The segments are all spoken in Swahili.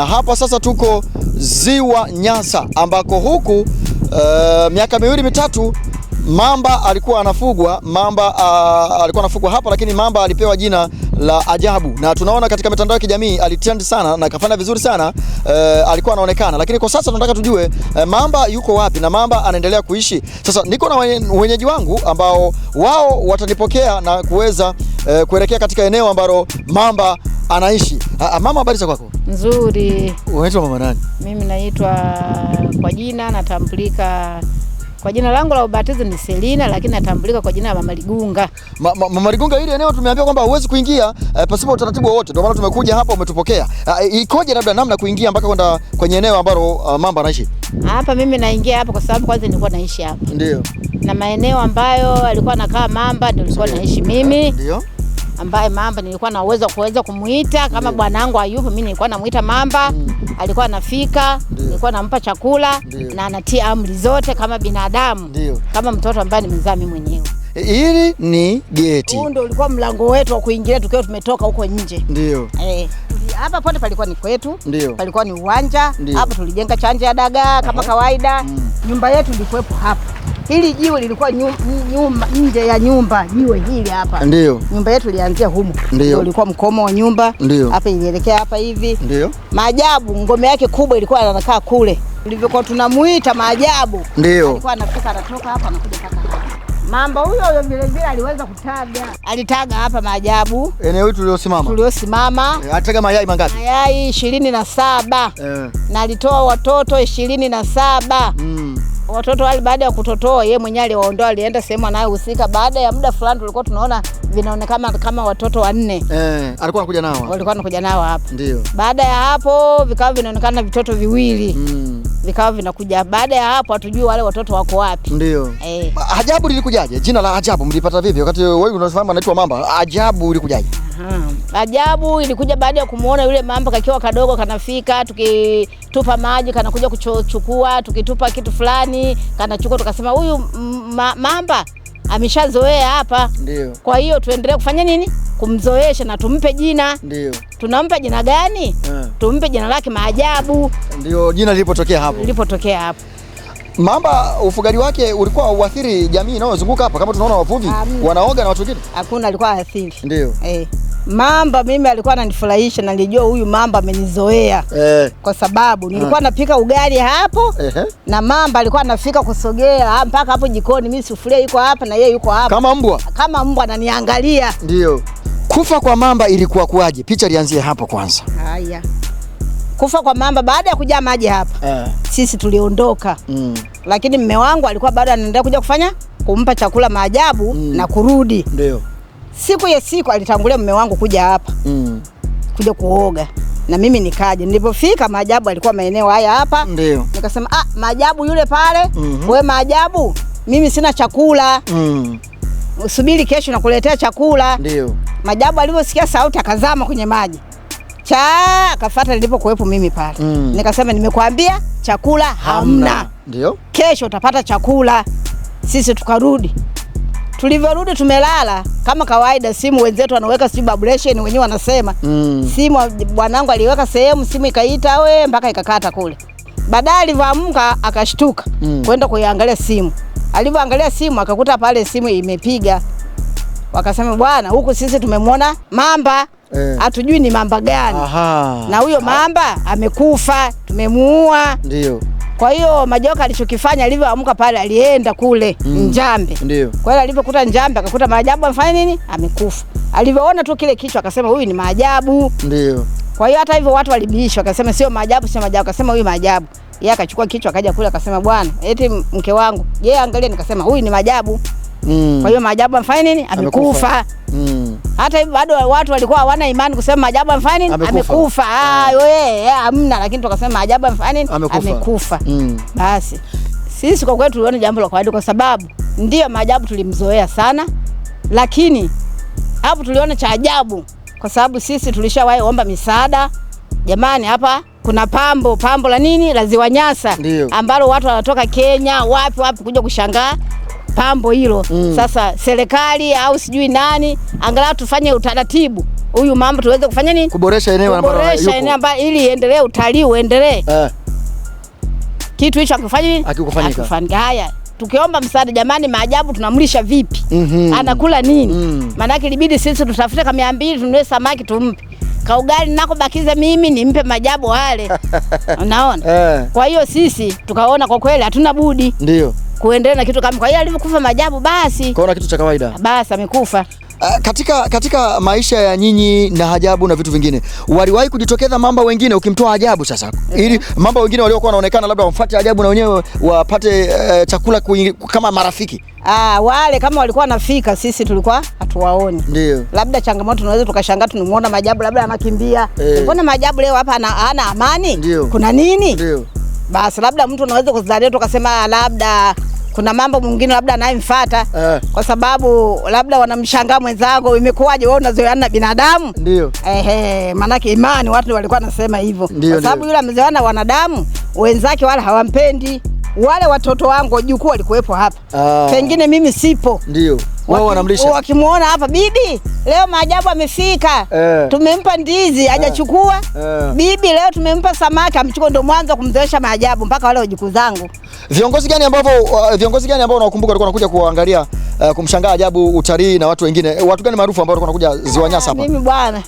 na hapa sasa tuko ziwa Nyasa ambako huku uh, miaka miwili mitatu mamba alikuwa anafugwa mamba uh, alikuwa anafugwa hapa, lakini mamba alipewa jina la ajabu, na tunaona katika mitandao ya kijamii alitrend sana na kafanya vizuri sana uh, alikuwa anaonekana, lakini kwa sasa tunataka tujue uh, mamba yuko wapi na mamba anaendelea kuishi. Sasa niko na wenyeji wangu ambao wao watanipokea na kuweza uh, kuelekea katika eneo ambalo mamba anaishi. Uh, mama, habari za kwako? Nzuri. Unaitwa mama nani? Mimi naitwa kwa jina natambulika kwa jina langu la ubatizo ni Selina, lakini natambulika kwa jina la Mama Ligunga. Ma, ma, Mama Ligunga, ile eneo tumeambiwa kwamba huwezi kuingia eh, pasipo utaratibu wowote. Ndio maana tumekuja hapa, umetupokea. eh, ikoje labda namna kuingia mpaka kwenda kwenye eneo ambalo uh, mamba anaishi? Hapa mimi naingia hapa kwa sababu kwanza nilikuwa naishi hapa. Ndio. Na maeneo ambayo alikuwa anakaa mamba ndio nilikuwa naishi mimi. Ndio ambaye mamba nilikuwa na uwezo kuweza kumuita kama bwanangu ayupo mimi nilikuwa namuita mamba mm. alikuwa anafika, nilikuwa nampa chakula na anatia amri zote kama binadamu kama mtoto ambaye nimezaa mimi mwenyewe. E, hili ni geti, huu ndio ulikuwa mlango wetu wa kuingilia tukiwa tumetoka huko nje. Ndio e, hapa e, pote palikuwa ni kwetu, palikuwa ni uwanja hapa, tulijenga chanja ya dagaa kama kawaida mm. nyumba yetu ilikuwepo hapa Hili jiwe lilikuwa nyum, nje ya nyumba, jiwe hili hapa. Ndio. Nyumba yetu ilianzia humo, Ndio. Ulikuwa mkomo wa nyumba. Ndio. Hapa ilielekea hapa hivi. Ndio. Maajabu, ngome yake kubwa ilikuwa anakaa kule. Ilivyokuwa tunamuita Maajabu. Ndio. Alikuwa anafika anatoka hapa anakuja paka hapa. Mamba huyo huyo vile vile aliweza kutaga. Alitaga hapa Maajabu. Eneo hili tuliosimama. Tuliosimama. E, eh, ataga mayai mangapi? Mayai ishirini na saba. E. Eh. Na alitoa watoto ishirini na saba. Mm watoto wale baada ya kutotoa yeye mwenyewe aliwaondoa, alienda sehemu anayohusika. Baada ya muda fulani tulikuwa tunaona vinaonekana kama watoto wanne eh, alikuwa anakuja nao, walikuwa anakuja nao hapa. Ndio baada ya hapo vikawa vinaonekana vitoto viwili mm. vikawa vinakuja. Baada ya hapo hatujui wale watoto wako wapi. Ndio eh. Ajabu lilikujaje? Jina la Ajabu mlipata vipi? wakati wewe unasema anaitwa Mamba, Ajabu lilikujaje? Ajabu ilikuja baada ya kumuona yule mamba kakiwa kadogo, kanafika tukitupa maji kanakuja kuchukua, tukitupa kitu fulani kanachukua, tukasema huyu mamba ameshazoea hapa. Ndio. Kwa hiyo tuendelee kufanya nini? Kumzoesha na tumpe jina. Ndio. Tunampa jina gani? Yeah. Tumpe jina lake Maajabu. Ndio jina lilipotokea hapo. Lilipotokea hapo. Mamba ufugaji wake ulikuwa uathiri jamii inayozunguka hapa, kama tunaona wavuvi wanaoga na watu wengine, hakuna alikuwa athiri. Ndio. Eh. Mamba mimi alikuwa ananifurahisha na nilijua huyu mamba amenizoea eh, kwa sababu nilikuwa ah, napika ugali hapo eh, na mamba alikuwa anafika kusogea ah, mpaka hapo jikoni, mimi sufuria iko hapa na yeye yuko hapa, kama mbwa kama mbwa ananiangalia. Ndio kufa kwa mamba ilikuwa kuwaje? Picha lianzie hapo kwanza. Haya, kufa kwa mamba baada ya kujaa maji hapa eh, sisi tuliondoka mm, lakini mme wangu alikuwa bado anaendelea kuja kufanya kumpa chakula maajabu mm, na kurudi ndio siku ya siku alitangulia mume wangu kuja hapa mm. kuja kuoga na mimi nikaja. Nilipofika Maajabu alikuwa maeneo haya hapa, ndio nikasema ah, Maajabu yule pale mm -hmm. we Maajabu, mimi sina chakula mm. subiri kesho nakuletea chakula. Ndio Maajabu alivyosikia sauti akazama kwenye maji cha akafuata nilipokuwepo mimi pale mm. nikasema nimekuambia chakula hamna, ndio kesho utapata chakula. Sisi tukarudi Tulivyorudi tumelala kama kawaida, simu wenzetu wanaweka sijui vibration, wenyewe wanasema mm. Simu bwanangu aliweka sehemu, simu ikaita we mpaka ikakata kule. Baadaye alivyoamka akashtuka mm. kwenda kuiangalia simu. Alivyoangalia simu akakuta pale simu imepiga, wakasema bwana, huku sisi tumemwona mamba eh. hatujui eh, ni mamba gani. Aha. na huyo mamba amekufa, tumemuua, ndio kwa hiyo Majoka alichokifanya alivyoamka pale, alienda kule mm. Njambe. Ndio. Kwa hiyo alivyokuta Njambe akakuta Maajabu amfanya nini, amekufa. Alivyoona tu kile kichwa akasema huyu ni Maajabu. Ndio. Kwa hiyo hata hivyo watu walibiishwa, akasema sio Maajabu, sio Maajabu, akasema huyu Maajabu. Yeye akachukua kichwa akaja kule akasema, bwana eti mke wangu, yeye angalia, nikasema huyu ni Maajabu. Mm. Kwa hiyo Maajabu amfanya nini, amekufa. Mm hata hivi bado watu walikuwa hawana imani kusema Ajabu Mfanini amekufa, ah. Ah, hamna. Lakini tukasema Ajabu Mfanini amekufa, mm. basi sisi kwa kweli tuliona jambo la kawaida, kwa sababu ndio maajabu tulimzoea sana, lakini hapo tuliona cha ajabu, kwa sababu sisi tulishawahi omba misaada. Jamani, hapa kuna pambo pambo la nini la ziwa Nyasa ambalo watu wanatoka Kenya wapi wapi kuja kushangaa pambo hilo mm. Sasa serikali au sijui nani, angalau tufanye utaratibu huyu mambo tuweze kufanya nini, kuboresha eneo ambalo ili endelee utalii uendelee eh. Kitu hicho akifanya akikufanyika. Haya, tukiomba msaada jamani, maajabu tunamlisha vipi? mm -hmm. Anakula nini? mm. Maanake ilibidi sisi tutafute kama 200 mbili samaki tumpe kaugali nako bakize mimi nimpe majabu wale unaona eh. Kwa hiyo sisi tukaona kwa kweli hatuna budi ndio kuendelea na kitu kama. Kwa hiyo alivyokufa Majabu basi kaona kitu cha kawaida, basi amekufa. Uh, Katika, katika maisha ya nyinyi na Hajabu na vitu vingine, waliwahi kujitokeza mamba wengine ukimtoa Hajabu sasa, eh. ili mamba wengine waliokuwa wanaonekana labda wamfuate Hajabu na wenyewe wapate uh, chakula kui, kama marafiki ah, wale kama walikuwa wanafika, sisi tulikuwa hatuwaoni. Ndio labda changamoto tunaweza tukashangaa tunamuona Majabu labda anakimbia, eh. mbona Majabu leo hapa ana amani? Kuna nini? Ndio basi labda mtu anaweza kuzalia tukasema labda kuna mambo mwingine labda anayemfuata eh, kwa sababu labda wanamshangaa mwenzako, imekuwaje wewe unazoeana na binadamu? Ndio ehe, maanake imani watu walikuwa nasema hivyo, kwa sababu yule amezoeana wanadamu wenzake wala hawampendi. Wale watoto wangu wajukuu walikuwepo hapa, ah. pengine mimi sipo, ndio wao wanamlisha. Wakimwona hapa bibi, leo maajabu amefika eh. Tumempa ndizi eh. hajachukua eh. Bibi leo tumempa samaki amchukua, ndo mwanzo kumzoesha maajabu mpaka wale wajukuu zangu. Viongozi gani ambao uh, viongozi gani ambao unakumbuka walikuwa wanakuja kuangalia uh, kumshangaa ajabu utalii na watu wengine, watu gani maarufu ambao walikuwa wanakuja Ziwa ah, Nyasa hapa? Mimi bwana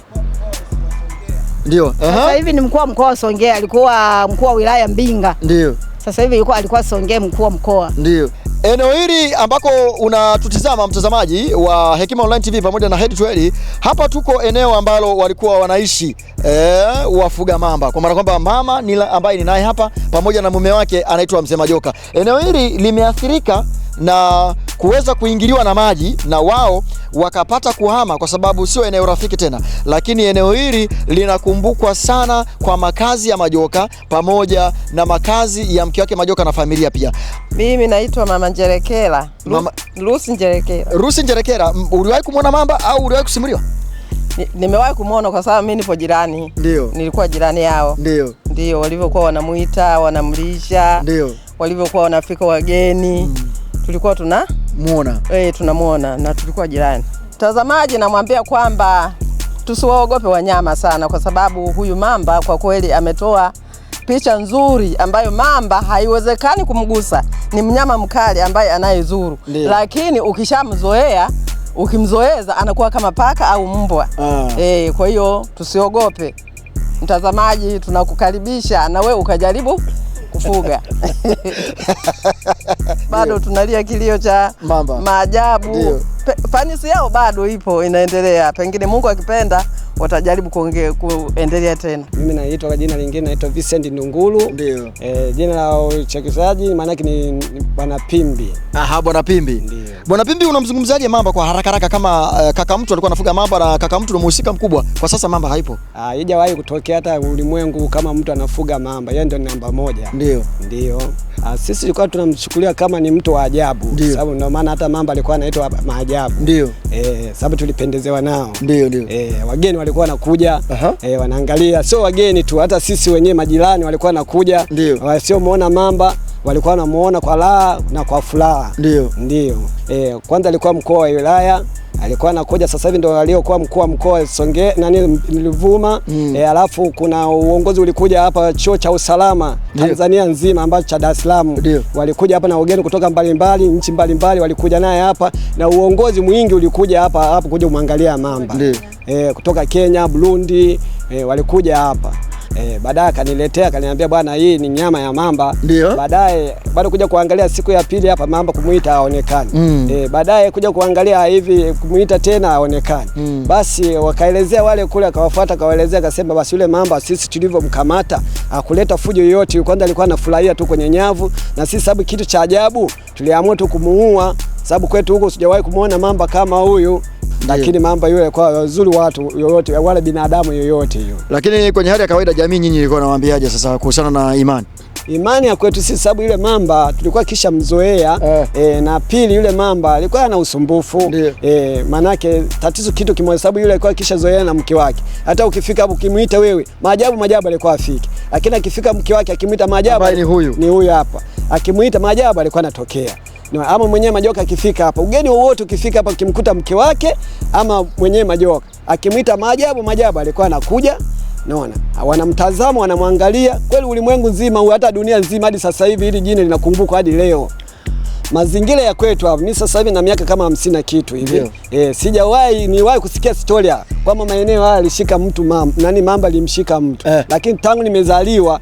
ndio sasa hivi ni mkuu wa mkoa wa Songea, alikuwa mkuu wa wilaya Mbinga. Ndio sasa hivi alikuwa Songea mkuu wa mkoa ndio Eneo hili ambako unatutizama mtazamaji wa Hekima Online TV pamoja na Head to Head, hapa tuko eneo ambalo walikuwa wanaishi e, wafuga mamba, kwa maana kwamba mama ambaye ni naye hapa pamoja na mume wake anaitwa Mzee Majoka. Eneo hili limeathirika na kuweza kuingiliwa na maji na wao wakapata kuhama, kwa sababu sio eneo rafiki tena. Lakini eneo hili linakumbukwa sana kwa makazi ya majoka pamoja na makazi ya mke wake majoka na familia pia. Mimi naitwa mama Njerekela. mama... Rusi Njerekela. Rusi Njerekela, Uliwahi kumwona mamba au uliwahi kusimuliwa? Ni, nimewahi kumwona kwa sababu mimi nipo jirani. Ndio. Nilikuwa jirani yao. Ndio. Ndio walivyokuwa wanamuita, wanamlisha. Ndio. Walivyokuwa wanafika wageni. Mm tulikuwa tuna muona eh, tunamuona na tulikuwa jirani. Mtazamaji, namwambia kwamba tusiwaogope wanyama sana, kwa sababu huyu mamba kwa kweli ametoa picha nzuri ambayo mamba haiwezekani kumgusa. Ni mnyama mkali ambaye anayezuru, lakini ukishamzoea ukimzoeza anakuwa kama paka au mbwa e. Kwa hiyo tusiogope, mtazamaji, tunakukaribisha na we ukajaribu kufuga bado tunalia kilio cha Mamba. Maajabu, fanisi yao bado ipo inaendelea, pengine Mungu akipenda watajaribu kuongea kuendelea tena. Mimi naitwa kwa jina lingine naitwa Vincent Ndunguru. Ndio. e, jina la uchakizaji maana ni, ni Bwana Pimbi. Aha, Bwana Pimbi. Ndio. Bwana Pimbi unamzungumzaje Mamba kwa haraka haraka kama uh, kaka mtu alikuwa anafuga Mamba na kaka mtu ndio mhusika mkubwa. Kwa sasa Mamba haipo. Ah, haijawahi kutokea hata ulimwengu kama mtu anafuga Mamba. Yeye ndio namba moja. Ndio. Ndio. Ah, sisi tulikuwa tunamchukulia kama ni mtu wa ajabu, sababu ndio maana hata mamba alikuwa anaitwa maajabu, ndio eh, sababu tulipendezewa nao, ndio ndio eh, wageni walikuwa wanakuja eh, wanaangalia, sio wageni tu, hata sisi wenyewe majirani walikuwa wanakuja, wasio mamba walikuwa wanamuona kwa raha na kwa furaha. Ndio, ndio. E, kwanza alikuwa mkoa wa wilaya alikuwa anakuja sasa hivi ndo aliyokuwa mkuu wa mkoa Songe nani Mlivuma mm. E, alafu kuna uongozi ulikuja hapa chuo cha usalama Dio. Tanzania nzima ambacho cha Dar es Salaam walikuja hapa na wageni kutoka mbalimbali nchi mbalimbali walikuja naye hapa na uongozi mwingi ulikuja hapa hapo kuja kumwangalia mamba e, kutoka Kenya, Burundi e, walikuja hapa Eh, baadaye akaniletea akaniambia, bwana, hii ni nyama ya mamba. Ndio. Baadaye bado kuja kuangalia siku ya pili hapa mamba kumuita aonekane. Mm. Eh, baadaye kuja kuangalia hivi kumuita tena aonekane. Mm. Basi wakaelezea wale kule, akawafuata akawaelezea, akasema basi yule mamba sisi tulivyomkamata akuleta fujo yoyote, kwanza alikuwa anafurahia tu kwenye nyavu, na sisi sababu kitu cha ajabu tuliamua tu kumuua, sababu kwetu huko sijawahi kumuona mamba kama huyu lakini mamba yule kwa wazuri watu yoyote wale binadamu yoyote hiyo. Lakini kwenye hali ya kawaida jamii, nyinyi ilikuwa nawaambiaje sasa kuhusiana na imani? Imani ya kwetu sisi, sababu yule mamba tulikuwa kisha mzoea eh. E, na pili yule mamba alikuwa ana usumbufu e, manake tatizo kitu kimoja, sababu yule alikuwa kisha zoea na mke wake. Hata ukifika hapo ukimwita wewe maajabu maajabu alikuwa afiki, lakini akifika mke wake akimuita maajabu ni huyu ni huyu hapa, akimuita maajabu alikuwa anatokea ama mwenyewe Majoka akifika hapa, ugeni wowote ukifika hapa, ukimkuta mke wake ama mwenyewe Majoka akimwita Majabu, Majabu alikuwa anakuja Naona wanamtazama wanamwangalia kweli, ulimwengu nzima, huyu, hata dunia nzima, hadi sasa hivi hili jina linakumbukwa hadi leo. Mazingira ya kwetu hapa. mimi sasa hivi na miaka kama hamsini na kitu hivi yeah. E, sijawahi niwahi kusikia storia kwamba maeneo haya alishika mtu mam, nani mamba alimshika mtu eh. Lakini tangu nimezaliwa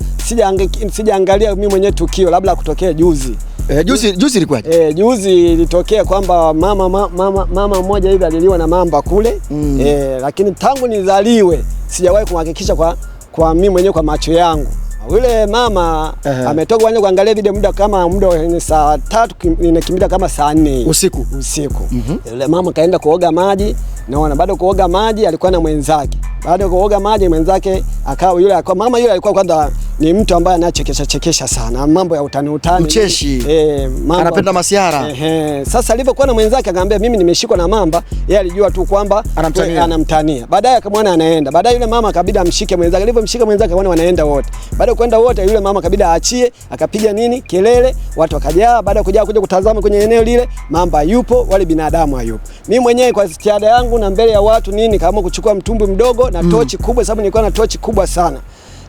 sijaangalia sija mimi mwenyewe tukio labda kutokea juzi. Eh, juzi juzi ilikuwaje? Eh, juzi ilitokea kwamba mama mama mama mmoja hivi aliliwa na mamba kule mm. Eh, lakini tangu nizaliwe sijawahi kumhakikisha kwa kwa mimi mwenyewe kwa macho yangu yule mama uh -huh. ametoka anje kuangalia video muda kama muda wa saa tatu inakimbia kama saa nne usiku usiku. mm -hmm. Yule mama kaenda kuoga maji, naona bado kuoga maji alikuwa na mwenzake, baada ya kuoga maji mwenzake akawa yule akawa mama yule alikuwa kwanza ni mtu ambaye anachekesha chekesha sana, mambo ya utani utani, mcheshi eh, mambo anapenda masiara eh, eh. Sasa alivyokuwa na mwenzake akamwambia mimi nimeshikwa na mamba, yeye alijua tu kwamba anamtania, anamtania. Baadaye akamwona anaenda, baadaye yule mama akabidi amshike mwenzake, alivyomshika mwenzake akaona wanaenda wote. Baada ya kwenda wote, yule mama akabidi aachie, akapiga nini kelele, watu wakajaa. Baada ya kujaa kuja kutazama kwenye eneo lile, mamba yupo, wale binadamu hayupo. Mimi mwenyewe kwa stihada yangu na mbele ya watu nini, kaamua kuchukua mtumbwi mdogo na mm. tochi mm, kubwa, sababu nilikuwa na tochi kubwa sana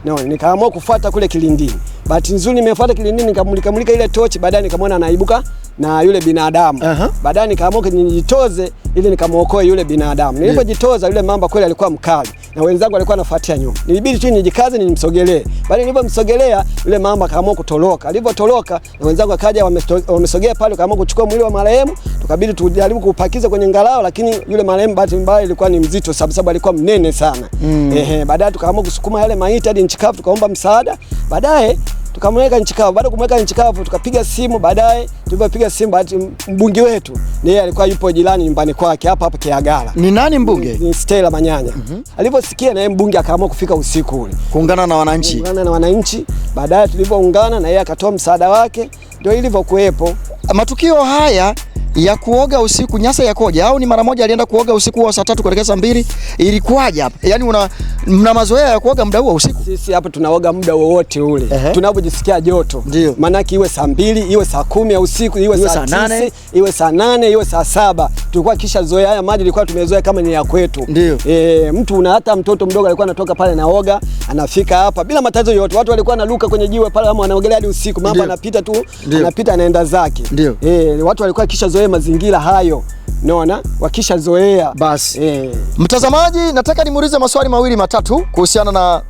naona nikaamua kufuata kule kilindini. Bahati nzuri nimefuata kilindini, nikamulika mulika ile tochi, baadaye nikamwona anaibuka na yule binadamu uh -huh. Baadaye nikaamua nijitoze ili nikamuokoe yule binadamu. Nilipojitoza yule mamba kweli alikuwa mkali na wenzangu walikuwa nafuatia nyuma. Nilibidi tu nijikaze nimsogelee, bali nilipomsogelea yule mama akaamua kutoroka. Alipotoroka na wenzangu akaja wamesogea pale, kaamua kuchukua mwili wa marehemu, tukabidi tujaribu kupakiza kwenye ngalao, lakini yule marehemu bahati mbaya ilikuwa ni mzito, sababu sababu alikuwa mnene sana. Mm. Ehe, baadaye tukaamua kusukuma yale maiti hadi nchi kavu, tukaomba msaada baadaye tukamweka nchi kavu. Baada kumweka nchi kavu, tukapiga simu. Baadaye tulipopiga simu, bahati mbunge wetu ni yeye alikuwa yupo jirani nyumbani kwake hapa hapa Kiagala. Ni nani mbunge? Ni Stella Manyanya. mm -hmm. Aliposikia yeye mbunge akaamua kufika usiku ule kuungana na wananchi, kuungana na wananchi. Baadaye tulipoungana na yeye akatoa msaada wake ndio ilivyokuwepo. Matukio haya ya kuoga usiku Nyasa yakoja? Au ni mara moja alienda kuoga usiku wa saa tatu kuelekea saa mbili ilikuwaje Yani una mna mazoea ya kuoga muda huo usiku? Sisi hapa tunaoga muda wowote ule uh -huh. tunapojisikia joto, maanake iwe saa mbili iwe saa kumi ya usiku iwe, iwe saa tisa iwe saa nane iwe saa saba tulikuwa kisha zoea haya maji ilikuwa tumezoea kama ni ya kwetu. E, mtu una hata mtoto mdogo alikuwa anatoka pale naoga anafika hapa bila matatizo yote. Watu walikuwa wanaruka kwenye jiwe pale ama wanaogelea hadi usiku, mama anapita tu anapita anaenda zake. Ndio. Eh, watu walikuwa kishazoea mazingira hayo naona wakishazoea basi. E. Mtazamaji, nataka nimuulize maswali mawili matatu kuhusiana na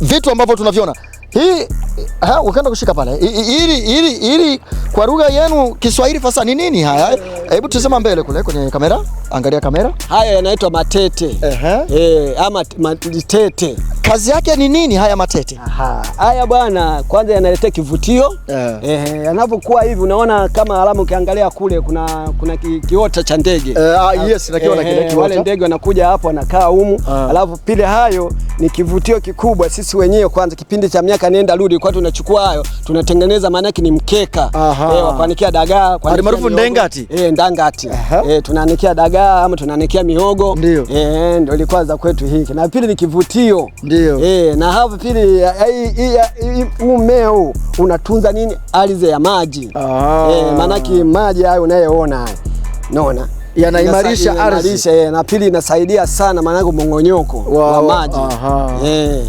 vitu ambavyo tunaviona hii ha, ukaenda kushika pale ili ili ili kwa lugha yenu Kiswahili fasa ni nini haya? Hebu tuzema mbele kule kwenye kamera, angalia kamera. Haya yanaitwa matete. Eh, eh ama matete. Kazi yake ni nini haya matete? Aha. Haya bwana, kwanza yanaletea kivutio. Eh, yanapokuwa hivi unaona kama alama, ukiangalia kule kuna kuna kiota cha ndege. Eh, ah, yes, eh, nakiona kile kiota. Wale ndege wanakuja hapo wanakaa humu. Ah. Alafu pile hayo ni kivutio kikubwa sisi wenyewe kwanza kipindi cha miaka nataka nienda rudi, kwa tunachukua hayo tunatengeneza, maana yake ni mkeka eh, wapanikia dagaa kwa ni maarufu ndengati eh, ndangati eh, tunaanikia dagaa ama tunaanikia mihogo eh, ndio ilikuwa za kwetu hiki, na pili ni kivutio ndio eh, na hapo pili hii mmea huu unatunza nini, ardhi ya maji ah. eh, maana yake maji hayo unayoona hayo naona yanaimarisha ardhi eh, na pili inasaidia sana maana yake mongonyoko wa wow, maji eh.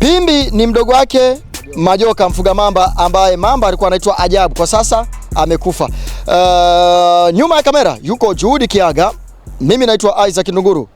Pimbi ni mdogo wake Majoka mfuga mamba, ambaye mamba alikuwa anaitwa Ajabu, kwa sasa amekufa. Uh, nyuma ya kamera yuko Juhudi Kiaga, mimi naitwa Isaac Ndunguru.